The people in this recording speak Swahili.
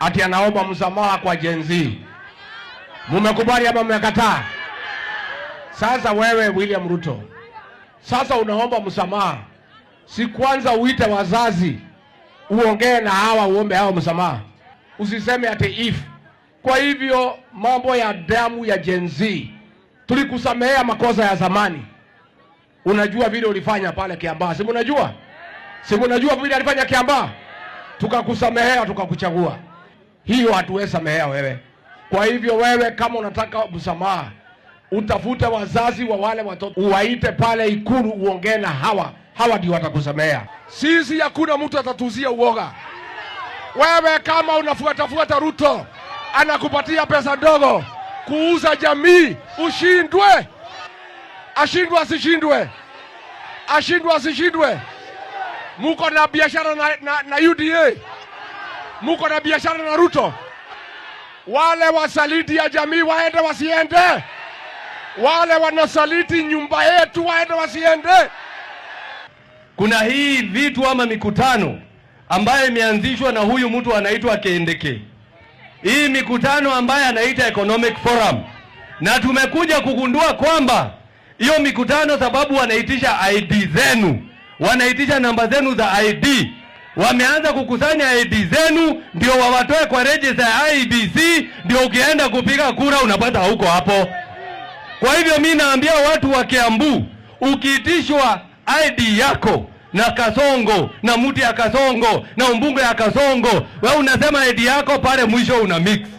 ati anaomba msamaha kwa jenzi. Mumekubali ama mmekataa? Sasa wewe William Ruto, sasa unaomba msamaha, si kwanza uite wazazi uongee na hawa, uombe hawa msamaha, usiseme ati if. Kwa hivyo mambo ya damu ya jenzi, tulikusamehea makosa ya zamani. Unajua vile ulifanya pale Kiambaa, si unajua? Si unajua vile alifanya Kiambaa, tukakusamehea tukakuchagua hiyo hatuwezi samehea wewe. Kwa hivyo wewe, kama unataka msamaha, utafute wazazi wa wale watoto, uwaite pale Ikulu, uongee na hawa hawa, ndio watakusamehea. Sisi hakuna mtu atatuzia uoga. Wewe kama unafuatafuata Ruto anakupatia pesa ndogo kuuza jamii, ushindwe, ashindwe, asishindwe, ashindwe, asishindwe. Muko na biashara na, na, na UDA muko na biashara na Ruto. Wale wasaliti ya jamii waende wasiende? Wale wanasaliti nyumba yetu waende wasiende? Kuna hii vitu ama mikutano ambayo imeanzishwa na huyu mtu anaitwa Kendeke, hii mikutano ambayo anaita Economic Forum, na tumekuja kugundua kwamba hiyo mikutano, sababu wanaitisha ID zenu, wanaitisha namba zenu za ID wameanza kukusanya ID zenu ndio wawatoe kwa register ya IBC, ndio ukienda kupiga kura unapata huko hapo. Kwa hivyo mi naambia watu wa Kiambu, ukiitishwa ID yako na Kasongo na muti ya Kasongo na umbunge ya Kasongo, we unasema ID yako pale mwisho una mix.